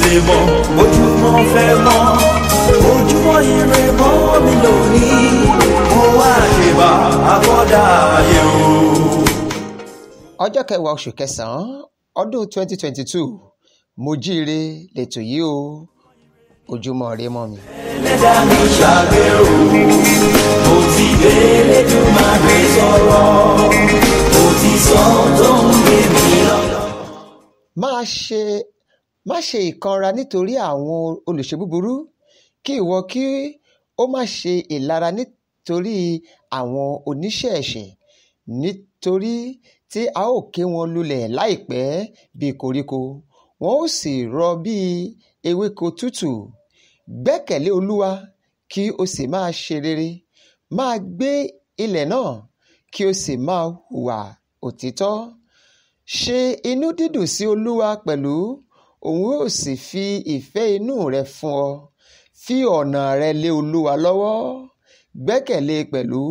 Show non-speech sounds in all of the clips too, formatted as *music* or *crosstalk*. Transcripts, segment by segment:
tètè mọ́ ojúmọ́ fẹ́ mọ́ ojúmọ́ ire mọ́ mi lónìí mo wá àṣebà àkọ́dá ayé o. ọjọ́ kẹwàá oṣù kẹsàn-án ọdún twenty twenty two mo jíire lẹ́tọ̀ yìí o ojúmọ́ ire mọ́ mi. ẹlẹ́dà mi ṣàgbé o mo ti bẹ́ẹ̀lẹ́ tó máa gbé sọ̀rọ̀ mo ti sọ tó ń gbé mi lọ. máa ṣe má ṣe ìkanra nítorí àwọn olùṣe búburú kí ìwọ kí ó má ṣe ìlara nítorí àwọn oníṣẹ́ ẹ̀ṣẹ̀ nítorí tí a ó ké wọn lulẹ̀ láìpẹ́ bí koríko wọn ó sì rọ̀ bí ewéko tútù gbẹ́kẹ̀lé olúwa kí o sì máa ṣe rere máa gbé ilẹ̀ náà kí o sì máa hùwà òtítọ́ ṣe inú dídùn sí olúwa pẹ̀lú òun ó sì fi ìfẹ́ inú rẹ fún ọ fi ọ̀nà rẹ lé olúwa lọ́wọ́ gbẹ́kẹ̀lé pẹ̀lú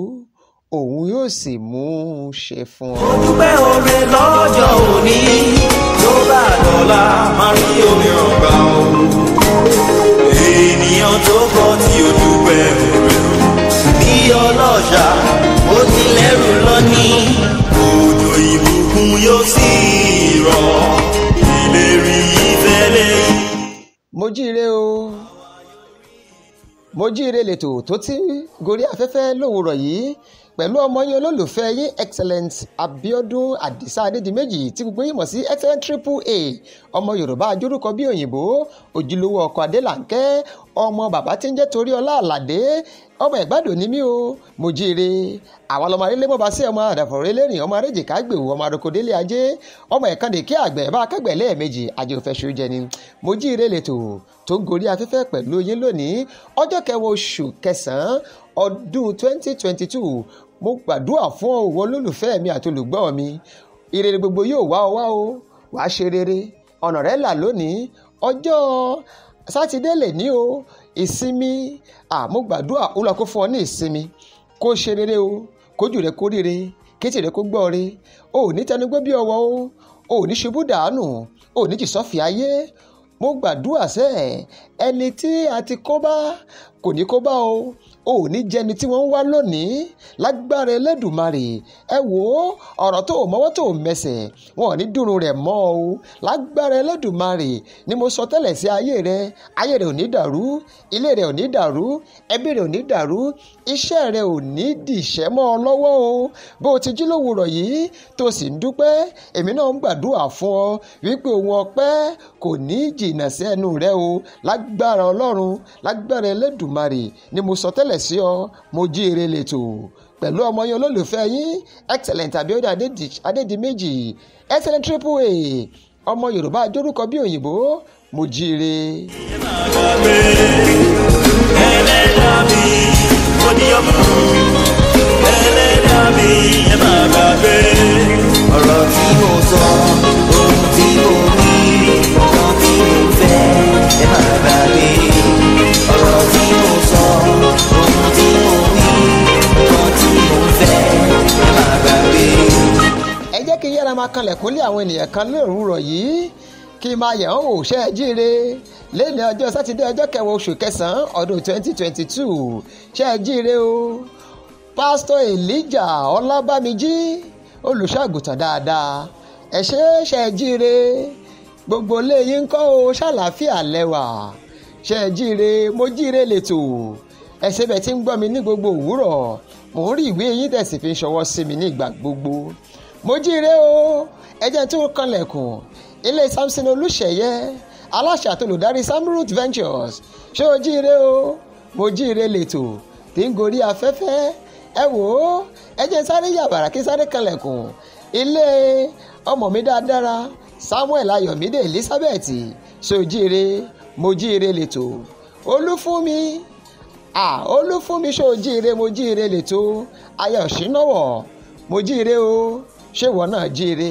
òun yóò sì mú un ṣe fún ọ. mo dúpẹ́ oore lọ́jọ́ òní tó bá dọ̀la máa rí omi ọgbà òun ènìyàn tó kọ́ tí ó dúpẹ́ oore bí ọlọ́ṣà ó ti lẹ́rù lọ́ní. mojíire o mojíire leto tó ti gorí afẹ́fẹ́ lówùrọ̀ yìí pẹ̀lú ọmọ yín olólùfẹ́ yín excellent Abíọ́dún Àdìsá Adédìméjì tí gbogbo yín mọ̀ sí excellent triple A ọmọ Yorùbá ajórúkọ bí òyìnbó òjìlówó ọkọ Adélànkẹ́ ọmọ bàbá tí ń jẹ́ Toríọlá Àlàdé ọmọ ìgbádùn ni mí o mo jíire àwọn ọmọ arílẹ̀ mọba sí ọmọ àdàfọ̀rọ̀ ẹlẹ́rìn ọmọ arẹ́jìká gbèwò ọmọ àrokòdélé ajé ọmọ ìkànnì kí àgbẹ̀ bá akẹgbẹ́ lẹ́ẹ̀mejì àjòfẹsù jẹni mo jíire lẹ́tọ̀ tó gorí afẹ́fẹ́ pẹ̀lú yín lónìí ọjọ́ kẹwàá oṣù kẹsànán ọdún 2022 mo gbàdúrà fún òwò olólùfẹ́ mi àti olùgbọ́ mi ìrere gbogbo yóò wá ọ wá o wàá ṣe rere ọ̀nà rẹ là lónìí ọjọ́ sátidé lè ní o ìsinmi àmọ́ gbàdúrà ó lọ kó fún ọ ní ìsinmi kó ṣe rere o kójú rẹ kó rire kétì rẹ kó gbọ́ re o ò ní tẹnugbó bí ọwọ́ o ò ní ṣubú dànù o ò ní jìsọ́fì ayé mo gbàdúrà sẹ́ ẹni tí a ti kó bá kò ní kó bá o ò ní jẹni tí wọ́n ń wá lónìí lágbára Elédùmarè ẹ wò ó ọ̀rọ̀ tó o mọ́wọ́ tó o mẹsẹ̀ wọn ò ní dùnrùn rẹ̀ mọ́ o lágbára Elédùmarè ni mo sọ tẹ́lẹ̀ sí ayé rẹ ayé rẹ ò ní dàrú ilé rẹ ò ní dàrú ẹbí rẹ ò ní dàrú iṣẹ́ rẹ ò ní dìṣẹ́ mọ́ ọ lọ́wọ́ o bó o ti jí lówùrọ̀ yìí tó sì ń dúpẹ́ èmi náà ń gbàdúrà fún ọ wípé òun ọpẹ́ kò ní jìnnà sí o lágbára Ọlọ́run lágbára Elédùmarè Èdùmàrè ni mo sọ tẹ́lẹ̀ sí ọ mo jí ire lẹ́tò pẹ̀lú ọmọ yín olólùfẹ́ yín excellent Abíọ́dún Adédìméjì excellent triple A ọmọ Yorùbá ajórúkọ bí òyìnbó mo jí ire. máa kanlẹ̀ kólé àwọn ènìyàn kan lóòrùrọ̀ yìí kí n máa yẹ̀ ọ́ ò ṣe é jíire lẹ́ni ọjọ́ sátidé ọjọ́ kẹwàá oṣù kẹsàn-án ọdún 2022 ṣe é jíire o pásítọ̀ Elijah Ọlábàmíjí olùṣọ́àgùtàn dáadáa ẹ ṣe é ṣe é jíire gbogbo lẹ́yìn ń kọ́ o ṣàlàáfíà lẹ́wà ṣe é jíire mo jíire lẹ́tọ̀ ẹ̀sẹ̀ bẹ̀ tí ń gbọ́ mi ní gbogbo òwúrọ̀ mò ń rí ìwé yín tẹ̀sí fi ń ṣọwọ́ sí mi ní ìgbà gbogbo mo jíire o ẹjẹ́ tí ó kanlẹ̀kùn ilé Samson Olúṣèyẹ aláṣẹ àtolùdarí Samroot Ventures ṣé o jíire o mo jíire lẹ́tọ̀ tí ń gorí afẹ́fẹ́ ẹ wò ó ẹjẹ́ sáré yàbàrà kí sáré kanlẹ̀kùn ilé ọmọ mi dáadára Samuel Ayọ̀mídé Elizabeth ṣé o jíire mo jíire lẹ́tọ̀ olúfúnmi ah olúfúnmi ṣé o jíire mo jíire lẹ́tọ̀ ayọ̀ ṣínáwọ̀ mo jíire o ṣé ìwọ náà jíire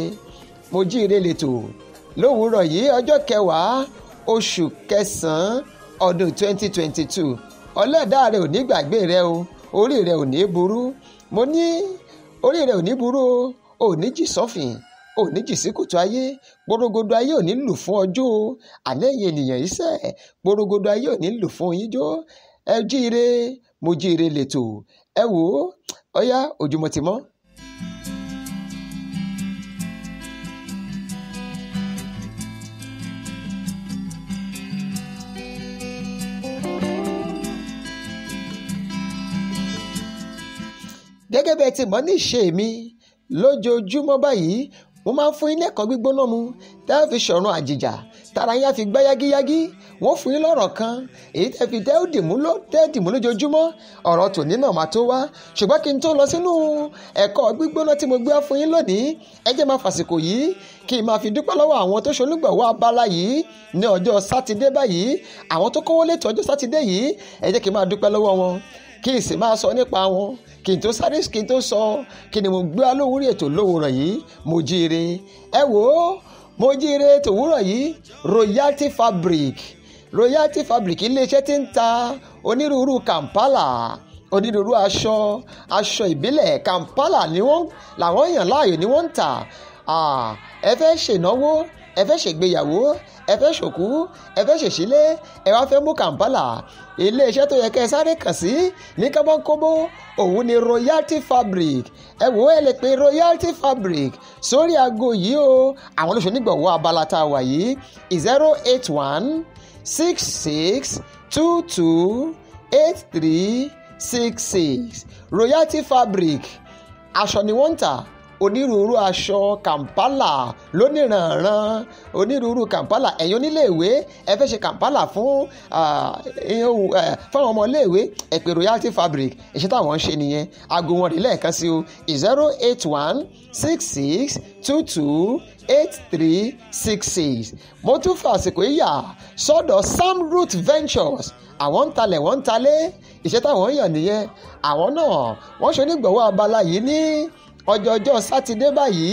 mo jíire lẹ́tò lówùúrọ̀ yìí ọjọ́ kẹwàá oṣù kẹsàn-án ọdún 2022 ọlẹ́dà rẹ ò ní gbàgbé rẹ o orí rẹ ò ní burú mo ní orí rẹ ò ní burú o ò ní jì sọ́fìn ò ní jì sí ayé gbòrògbòdò ayé ò ní lù fún ọjọ́ o àlẹ́yìn ènìyàn iṣẹ́ gbòrògbòdò ayé ò ní lù fún yín jó ẹ jíire mo jíire lẹ́tò ẹ wò ó ọyá ojúmọ́ ti mọ́. gẹ́gẹ́ bẹ́ẹ̀ ti mọ̀ ní ìṣe mi lójoojúmọ́ báyìí mo máa ń fún yín lẹ́kọ̀ọ́ gbígbóná mu tẹ́ ẹ fi ṣọ̀run àjìjà tara yín á fi gbá yágíyágí wọ́n fún yín lọ́rọ̀ kan èyí tẹ́ fi tẹ́ dìmú ló tẹ́ dìmú lójoojúmọ́ ọ̀rọ̀ tòní náà máa tó wá ṣùgbọ́n kí n tó lọ sínú ẹ̀kọ́ gbígbóná tí mo gbé fún yín lónìí ẹ jẹ́ máa fàsìkò yìí kí n máa fi dúpẹ́ lọ́wọ́ àwọn tó ṣolúgbọ̀wọ́ abala yìí ní ọjọ́ sátidé báyìí àwọn tó kówó létò ọjọ́ sátidé yìí ẹ jẹ́ kí n máa dúpẹ́ lọ́wọ́ wọn kí n sì máa sọ nípa wọn kí n tó sáré kí n tó sọ kí ni mo gbé alówórí ètò lówùrọ̀ yìí mo jíire ẹ wò ó mo jíire tòwúrọ̀ yìí royalty fabric royalty fabric iléeṣẹ́ tí ń ta onírúurú kàmpálà onírúurú aṣọ aṣọ ìbílẹ̀ Kampala ni wọ́n làwọn èèyàn láàyò ni wọ́n ń tà ẹ fẹ́ ṣènáwó ẹ fẹ́ ṣègbéyàwó ẹ fẹ́ ṣòkú ẹ fẹ́ ṣèṣílé ẹ wá fẹ́ mú Kampala iléeṣẹ́ tó yẹ kẹ́ ẹ sáré kàn sí ní kọ́bọ́nkọ́bọ́ òun ni royalty fabric ẹ wò ẹ lè pe royalty fabric sórí aago yìí o àwọn olóṣèlú nígbàwọ́ abala tá a wà yìí zero eight one six six two two eight three six six royalty fabric aṣọ ni wọ́n ń tà onírúurú aṣọ kàmpálà lóníranran onírúurú kàmpálà ẹ̀yin oníléèwé ẹ fẹ́ ṣe kàmpálà fún fáwọn ọmọ iléèwé ẹ pè royalty fabric iṣẹ́ táwọn ń ṣe nìyẹn aago wọn rí lẹ́ẹ̀kan sí o zero eight one six six two two eight three six six mo tún fà àsìkò yìí yà sọ́dọ̀ samroot ventures àwọn ń talẹ̀ wọ́n ń talé iṣẹ́ táwọn ń yàn nìyẹn àwọn náà wọ́n ṣe onígbọ̀wọ́ abala yìí ní. Ni ọjọọjọ́ sátidé báyìí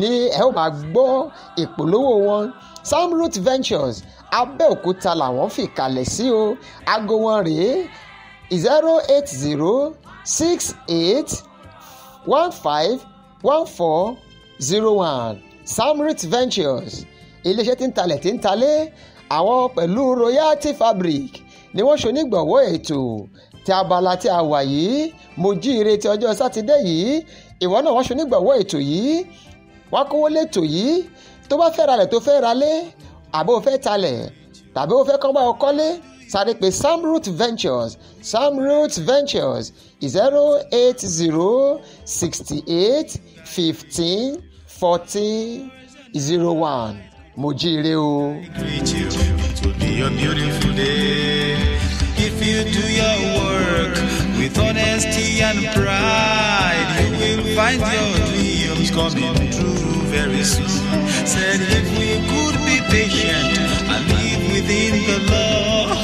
ni ẹ ó máa gbọ́ ìpolówó wọn samroot ventures abẹ́òkúta làwọn fìkàlẹ̀ sí o aago wọn rèé zero eight zero six eight one five one four zero one samroot ventures iléeṣẹ́ tí ń talẹ̀ tí ń talẹ̀ àwọn pẹ̀lú royalty fabric ni wọ́n ṣonígbọ̀wọ́ ètò tí abala tí a wà yìí mo jíire ti ọjọ́ sátidé yìí ìwọ náà wọ́n ṣe onígbàwọ́ ètò yìí wọ́n kówó létò yìí tó bá fẹ́ ralẹ̀ tó fẹ́ ralé àbó fẹ́ talẹ̀ tàbí ó fẹ́ kọ́gbà ọkọ́lé sáré pé samroot ventures samroot ventures zero eight zero sixty eight fifteen fourteen zero one mo jíire o. If you do your work with honesty and pride. find your dreams coming true very soon. Said if we could be patient and live within the law,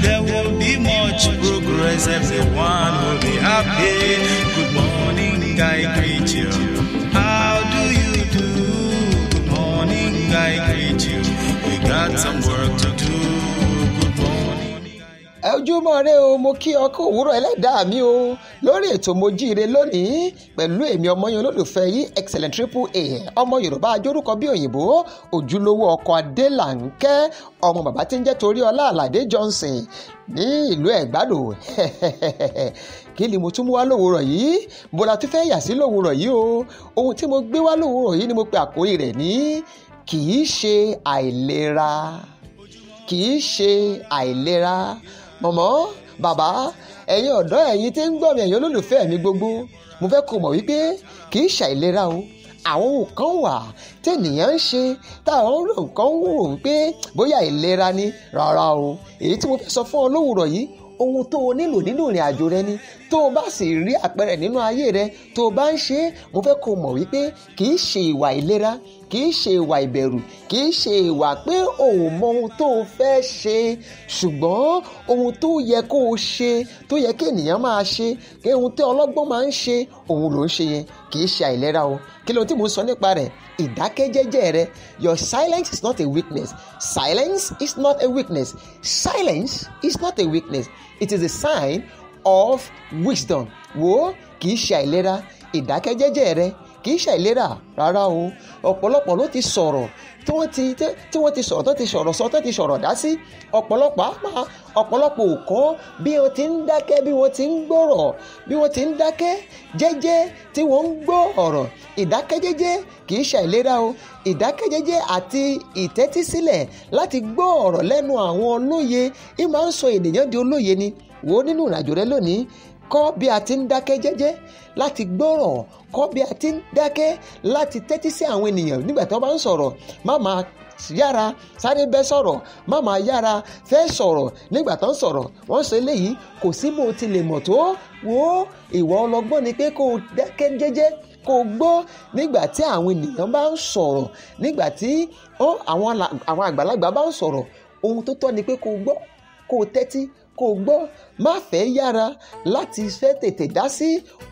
there will be much progress. Everyone will be happy. Good morning, I greet you. How do you do? Good morning, I greet you. We got some work to ojúmọ́ rẹ o mo kí ọ kó òwúrọ̀ ẹlẹ́dàá mi o lórí ètò mojíire lónìí pẹ̀lú èmi ọmọ yẹn olólùfẹ́ yìí excellent triple a ọmọ yorùbá ajórúkọ bí òyìnbó ojúlówó ọkọ adélànkẹ́ ọmọ bàbá tí ń jẹ́ torí ọlá àlàdé johnson ní ìlú ẹ̀gbádò *laughs* kí ni mo tún mú wá lówùrọ̀ yìí mo la tún fẹ́ yà sí lówùrọ̀ yìí o ohun tí mo gbé wá lówùrọ̀ yìí ni mo pe àkórí rẹ̀ ní kì í ṣe àìlera kì í ṣe àìlera mọ̀mọ́ bàbá ẹ̀yin ọ̀dọ́ ẹ̀yin tí ń gbọ́ mi ẹ̀yin olólùfẹ́ mi gbogbo mo fẹ́ kó mọ̀ wípé kì í ṣàìlera o àwọn nǹkan wà tẹ́nìyàn ń ṣe táwọn rò nǹkan wò wípé bóyá ìlera ni rárá o èyí tí mo fẹ́ sọ fún ọ lówùrọ̀ yìí ohun tó o nílò nínú ìrìn àjò rẹ ni tó o bá sì rí àpẹẹrẹ nínú ayé rẹ tó o bá ń ṣe é mo fẹ́ kó o mọ̀ wípé kì í ṣe ìwà ìlera kì í ṣe ìwà ìbẹ̀rù kì í ṣe ìwà pé o ò mọ ohun tó o fẹ́ ṣe ṣùgbọ́n ohun tó yẹ kó o ṣe tó yẹ kí ènìyàn máa ṣe kí ohun tí ọlọ́gbọ́n máa ń ṣe òun ló ń ṣe yẹn kì í ṣe àìlera o kí ló tí mo sọ nípa rẹ̀ ìdákẹ́jẹ́jẹ́ rẹ your silence is not a weakness silence is not a weakness silence is not a weakness it is a sign of wisdom wo kì í ṣe àìlera ìdákẹ́jẹ́jẹ́ rẹ kì í ṣe àìlera rárá o ọ̀pọ̀lọpọ̀ ló ti sọ̀rọ̀ tí wọ́n ti tí wọ́n ti sọ̀rọ̀ tó ti sọ̀rọ̀ sọ tó ti sọ̀rọ̀ dá sí ọ̀pọ̀lọpọ̀ àpá ọ̀pọ̀lọpọ̀ ò kọ́ bí wọ́n ti ń dákẹ́ bí wọ́n ti ń gbọ́rọ̀ bí wọ́n ti ń dákẹ́ jẹ́jẹ́ tí wọ́n ń gbọ́ ọ̀rọ̀ ìdákẹ́jẹ́jẹ́ kì í ṣe àìlera o ìdákẹ́jẹ́jẹ́ àti ìtẹ́tísílẹ̀ láti gbọ́ ọ̀rọ̀ lẹ́nu àwọn olóye ì ń sọ ènìyàn di olóye ni wo nínú ìrìnàjò rẹ lónìí kọ́ bí a ti ń dákẹ́ jẹ́jẹ́ láti gbọ́rọ̀ kọ́ bí a ti ń dákẹ́ láti tẹ́tí sí àwọn ènìyàn nígbà tí wọ́n bá ń sọ̀rọ̀ má máa yára sáré bẹ́ sọ̀rọ̀ má máa yára fẹ́ sọ̀rọ̀ nígbà tó ń sọ̀rọ̀ wọ́n sọ eléyìí kò sí bó ti lè mọ̀ tó wo ìwọ ọlọ́gbọ́n ni pé kó dákẹ́ jẹ́jẹ́ kó gbọ́ nígbà tí àwọn ènìyàn bá ń sọ̀rọ̀ nígbà tí àwọn àgbàlagbà bá ń sọ̀rọ̀ ohun tó tọ́ ni pé kó gbọ́ kó tẹ́tí kó o gbọ́ má fẹ́ yára láti fẹ́ tètè dá sí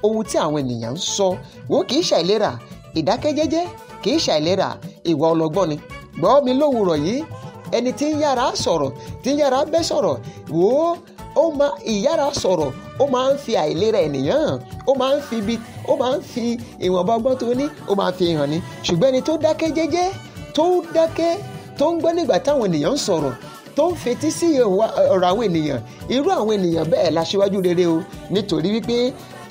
ohun tí àwọn ènìyàn ń sọ wò kì í ṣàìlera ìdákẹ́jẹ́jẹ́ kì í ṣàìlera ìwà ọlọ́gbọ́n ni gbọ́ mi lówùrọ̀ yìí ẹni tí ń yára sọ̀rọ̀ tí ń yára bẹ́ sọ̀rọ̀ wò ó ó máa ìyára sọ̀rọ̀ ó máa ń fi àìlera ènìyàn hàn ó máa ń fi ibi ó máa ń fi ìwọ̀nba ọgbọ́n tó ní ó máa fi hàn ni ṣùgbọ́n ẹni tó dákẹ́ jẹ́jẹ́ tó dákẹ́ tó ń gbọ́ nígbà táwọn ènìyàn ń sọ̀rọ̀ tó ń fetí sí ọ̀rọ̀ àwọn ènìyàn irú àwọn ènìyàn bẹ́ẹ̀ láṣíwájú rere o nítorí wípé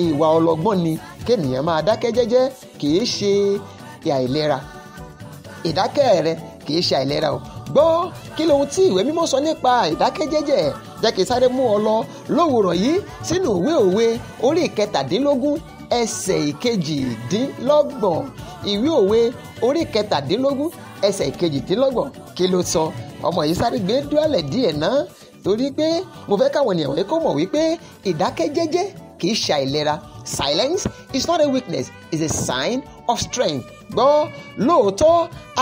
ìwà ọlọ́gbọ́n ni kéènìyàn máa dákẹ́ jẹ́jẹ́ kìí ṣe àìlera ìdákẹ́ rẹ kìí ṣe àìlera o gbọ́ kí lohun tí ìwé mímọ́ sọ nípa ìdákẹ́jẹ́jẹ́ jẹ́ kí sáré mú ọ lọ lówùrọ̀ yìí sínú ìwé òwe orí kẹtàdínlógún ẹsẹ̀ ìkejìdínlọ́gbọ̀n ìwé òwe orí kẹtàdínlógún ẹsẹ̀ ìkejìdínlọ́gbọ̀n kí ló sọ ọmọ yìí sáré gbé dúrálẹ̀ díẹ̀ ná torí pé mo fẹ́ káwọn ènìyàn wọ̀nyí kó mọ̀ wípé ìdákẹ́jẹ́jẹ́ kì ṣe àìlera silence is not a weakness it's a sign of strength gbọ́ lóòótọ́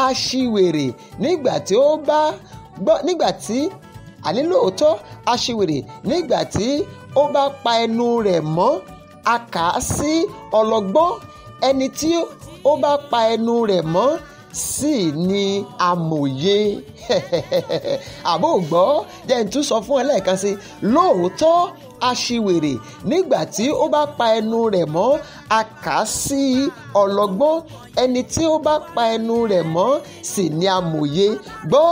aṣiwèrè nígbà tí ó bá gbọ́ nígbà tí àní lóòótọ́ aṣiwèrè nígbà tí ó bá pa ẹnu rẹ̀ mọ́ a kà á sí ọlọ́gbọ́n ẹni tí ó bá pa ẹnu rẹ̀ mọ́ sì ni amòye *laughs* àbò gbọ́ jẹ́ n tún sọ fún ẹ lẹ́ẹ̀kan sí lóòótọ́ aṣiwèrè nígbà tí ó bá pa ẹnu rẹ̀ mọ́ a kà á sí ọlọ́gbọ́n ẹni tí ó bá pa ẹnu rẹ̀ mọ́ sì ni amòye gbọ́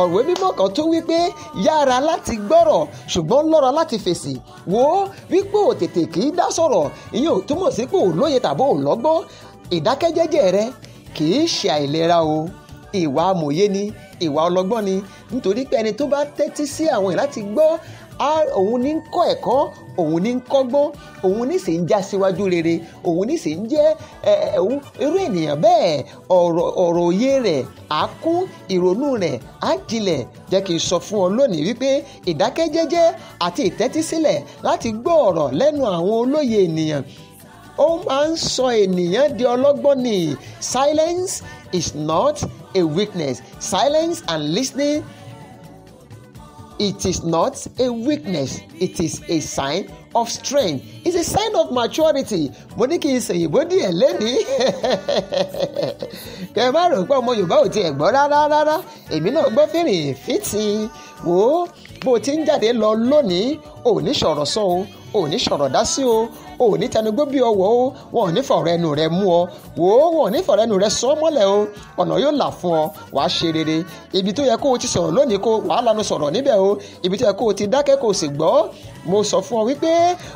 ọ̀rọ̀ mímọ́ kan tó wípé yára láti gbọ́rọ̀ ṣùgbọ́n lọ́ra láti fèsì wò ó wípé ò tètè kì dá sọ̀rọ̀ ìyẹn ò túmọ̀ sí pé lóye tàbí ò lọ́gbọ́n ìdákẹ́jẹ́jẹ́ rẹ kì í ṣe àìlera o ìwà amòye ni ìwà ọlọ́gbọ́n ni nítorí pé ẹni tó bá tẹ́tí sí àwọn yìí láti gbọ́ òun ní ń kọ́ ẹ̀kọ́ òun ní ń kọ́gbọ́n òun ní sì ń já síwájú rere òun ní sì ń jẹ́ irú ènìyàn bẹ́ẹ̀ ọ̀rọ̀ òye rẹ̀ á kún ìrònú rẹ̀ á jinlẹ̀ jẹ́ kí n sọ fún ọ lónìí wípé ìdákẹ́jẹ́jẹ́ àti ìtẹ́tísílẹ̀ láti gbọ́ ọ̀rọ̀ lẹ́nu àwọn olóye ènìyàn ó máa ń sọ ènìyàn di ọlọ́gbọ́n ni silence is not a weakness silence and listening it is not a weakness it is a sign of strength it's a sign of maturity mo ní kí n ṣèyìnbó díẹ̀ lẹ́nìí *laughs* kẹ má rò pé ọmọ Yorùbá ò tiẹ̀ gbọ́ rárá rárá èmi náà gbọ́ fìrìfìtì wò ó bó o ti ń jáde lọ lónìí ò ní sọ̀rọ̀ sọ o ò ní sọ̀rọ̀ dá sí o ò ní tẹnugbó bí ọwọ́ o wọn ò ní fọ̀rọ̀ ẹnu rẹ mú ọ wò ó wọn ò ní fọ̀rọ̀ ẹnu rẹ sọ mọ́lẹ̀ o ọ̀nà yóò là fún ọ wàá ṣe rere ibi tó yẹ kó o ti sọ̀rọ̀ lónìí kó wàá lanu sọ̀rọ̀ níbẹ̀ o ibi tó yẹ kó o ti dákẹ́ kó o sì gbọ́ mo sọ fún ọ wípé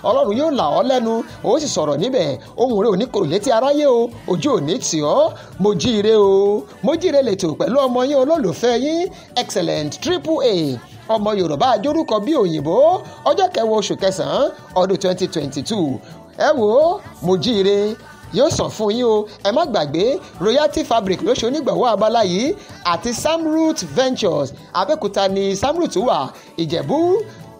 ọlọ́run yóò là ọ́ lẹ́nu o sì sọ̀rọ̀ níbẹ̀ ohun rẹ ò ní kò létí aráyé o ojú ò ní tì ọ́ mo jíire o mo jíire lètò pẹ̀lú ọmọ yín olólùfẹ́ yín excellent triple a ọmọ yorùbá àjórúkọ bí òyìnbó ọjọ́ kẹwàá oṣù kẹsàn-án ọdún twenty twenty two ẹ wò ó mo jíire yóò sàn fún yín o ẹ má gbàgbé royalty fabric ló ṣe onígbọ̀wọ́ abala yìí àti samroot ventures abẹ́òkúta ni samroot wà ìjẹ̀bú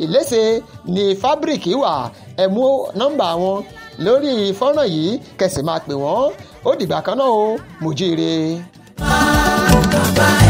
ìlẹ́sẹ̀ ni fabric wà ẹ mú nọ́mbà wọn lórí fọ́nrán yìí kẹsì máa pè wọ́n ó dìgbà kan náà o mò jíire. bàbá ẹ̀.